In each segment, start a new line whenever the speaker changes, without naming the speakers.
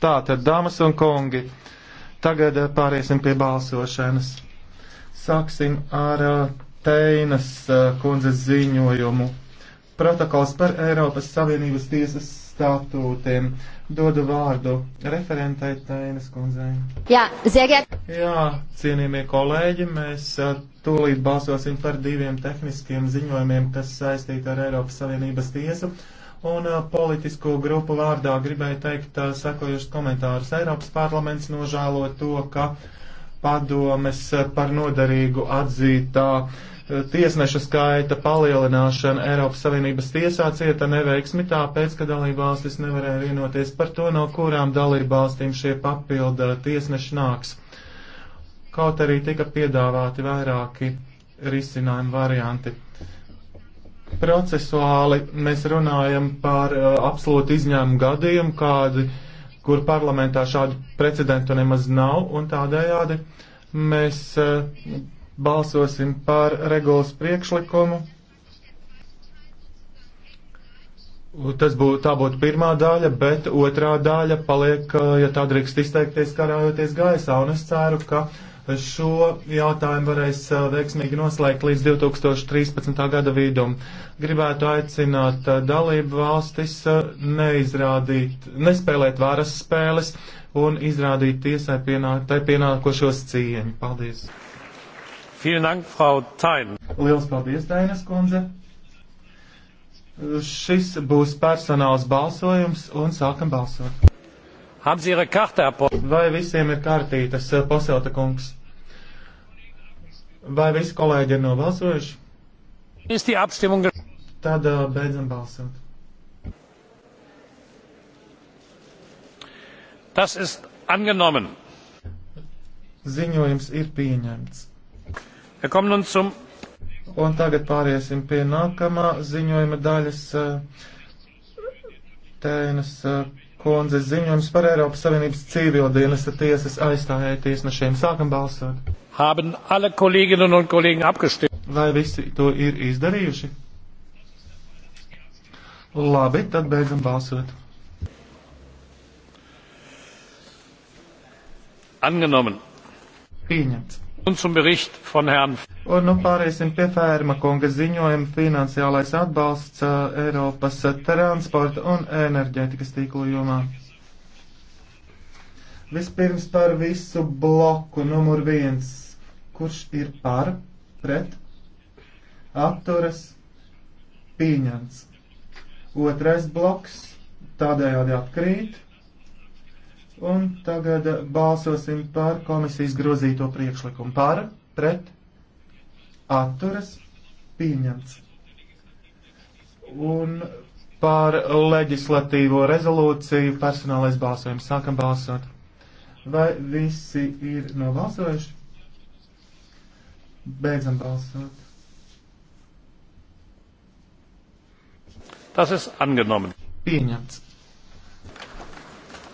Tātad, dāmas un kungi, tagad eh, pāriesim pie balsošanas. Sāksim ar eh, Teinas eh, kundzes ziņojumu. Protokols par Eiropas Savienības tiesas statūtiem. Dodu vārdu referentai Teinas kundzei. Jā, ziegiet. Jā, cienījamie kolēģi, mēs tūlīt balsosim par diviem tehniskiem ziņojumiem, kas saistīti ar Eiropas Savienības tiesu. Un uh, politisko grupu vārdā gribēju teikt uh, sekojušas komentārus. Eiropas parlaments nožēlo to, ka padomes uh, par nodarīgu atzītā tiesneša skaita palielināšana Eiropas Savienības tiesā cieta neveiksmi tāpēc, ka dalībvalstis nevarēja vienoties par to, no kurām dalībvalstīm šie papilda tiesneši nāks. Kaut arī tika piedāvāti vairāki risinājumu varianti. Uh, Procesuāli mēs runājam par uh, absolūti izņēmumu gadījumu, kādi, kur parlamentā šādu precedentu nemaz nav, un tādējādi mēs uh, balsosim par regulas priekšlikumu. Tas būtu, tā būtu pirmā daļa, bet otrā daļa paliek, uh, ja tā drīkst izteikties, karājoties gaisā, un es ceru, ka uh, šo jautājumu varēs eh, veiksmīgi noslēgt līdz 2013. gada vidum. Gribētu aicināt eh, dalību valstis eh, neizrādīt, nespēlēt varas spēles un izrādīt tiesai pienāk, tai pienākošos cieņu. Paldies! Vielen Dank, Frau Tain. Liels paldies, Tainas kundze. Šis būs personāls balsojums un sākam balsot. Haben Sie Ihre Karte, Herr Vai visiem ir kartītas, Poselta kungs? Vai visi kolēģi ir nobalsojuši? Tad uh, beidzam balsot. Tas ist angenommen. Ziņojums ir pieņemts. Wir kommen nun zum Un tagad pāriesim pie nākamā ziņojuma daļas uh, tēnas uh, kundzes ziņojums par Eiropas Savienības civildienesta tiesas aizstājēju tiesnešiem. Sākam balsot. Haben alle kolēģinnen un kolēģi apgestimmt. Vai visi to ir izdarījuši? Labi, tad beidzam balsot. Angenomen. Pieņemts. Un nu pāriesim pie Fērma kunga ziņojuma finansiālais atbalsts uh, Eiropas transporta un enerģētikas tīklu jomā. Vispirms par visu bloku numur viens. Kurš ir par, pret, apturas, pieņemts. Otrais bloks tādējādi atkrīt. Un tagad eh, balsosim par komisijas grozīto priekšlikumu. Par, pret, atturas, pieņemts. Un par leģislatīvo rezolūciju personālais balsojums. Sākam balsot. Vai visi ir nobalsojuši? Beidzam balsot. Tas ir angenomen. Pieņemts.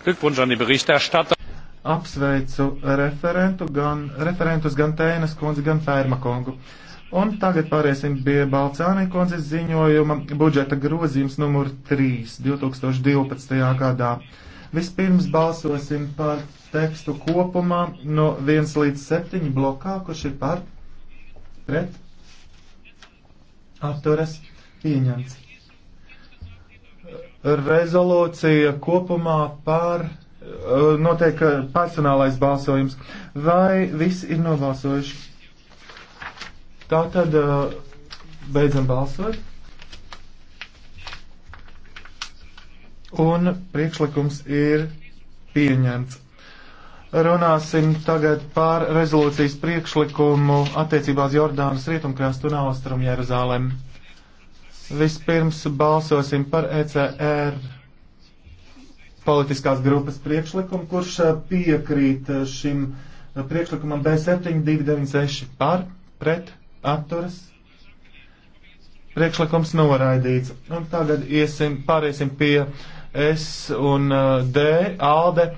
Glückwunsch an die Berichterstatter. Apsveicu referentu, gan referentus, gan Tēnas kundzi, gan Fērma kungu. Un tagad pāriesim pie Balcānai kundzes ziņojuma budžeta grozījums numur 3 2012. gadā. Vispirms balsosim par tekstu kopumā no 1 līdz 7 blokā, kurš ir par pret atturas pieņemts rezolūcija kopumā par eh, notiek eh, personālais balsojums. Vai visi ir nobalsojuši? Tā tad eh, beidzam balsot. Un priekšlikums ir pieņemts. Runāsim tagad par rezolūcijas priekšlikumu attiecībā uz Jordānas rietumkrastu un austrumu Jeruzālēm. Vispirms balsosim par ECR politiskās grupas priekšlikumu, kurš piekrīt šim priekšlikumam B7296 par, pret, atturas. Priekšlikums noraidīts. Un tagad iesim, pāriesim pie S un D, ALDE,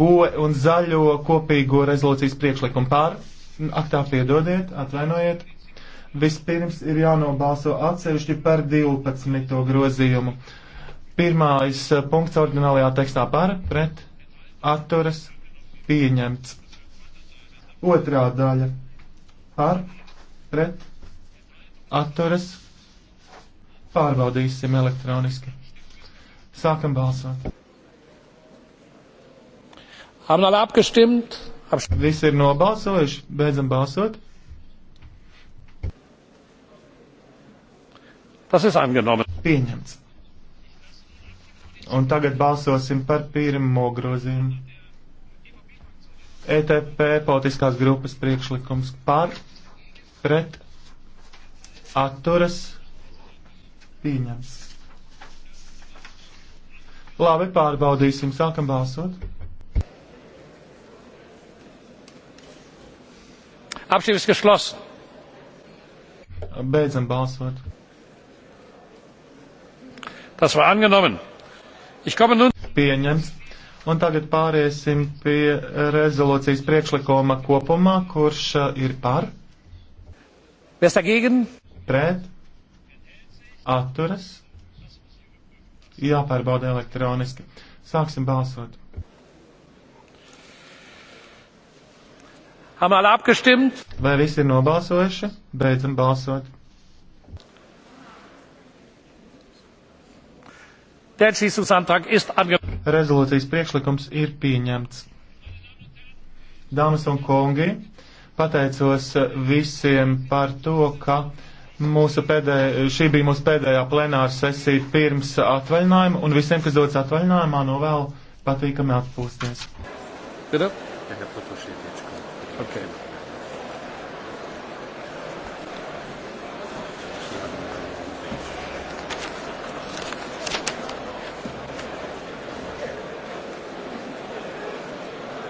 GOE un Zaļo kopīgo rezolūcijas priekšlikumu par. Ak tā, piedodiet, atvainojiet Vispirms ir jānobalso atsevišķi par 12. grozījumu. Pirmais eh, punkts orģinālajā tekstā par, pret, atturas, pieņemts. Otrā daļa par, pret, atturas, pārbaudīsim elektroniski. Sākam balsot. Haben alle abgestimmt? Visi ir nobalsojuši, beidzam balsot. Tas ir angenommen. Pieņemts. Un tagad balsosim par pirmo grozījumu. ETP politiskās grupas priekšlikums par, pret, atturas, pieņems. Labi, pārbaudīsim, sākam balsot. Apšķiris, ka šlos. Beidzam balsot. Tas var angenommen. Ich komme nun. Pieņems. Un tagad pāriesim pie eh, rezolūcijas priekšlikuma kopumā, kurš eh, ir par. Wer ist dagegen? Pret. Atturas. Jāpārbauda elektroniski. Sāksim balsot. Haben alle abgestimmt? Vai visi ir nobalsojuši? Beidzam balsot. Der Entschließungsantrag ist angenommen. Rezolūcijas priekšlikums ir pieņemts. Dāmas un kungi, pateicos visiem par to, ka mūsu pēdējā, šī bija mūsu pēdējā plenāra sesija pirms atvaļinājuma, un visiem, kas dodas atvaļinājumā, novēlu patīkami atpūsties. Bitte? Okay.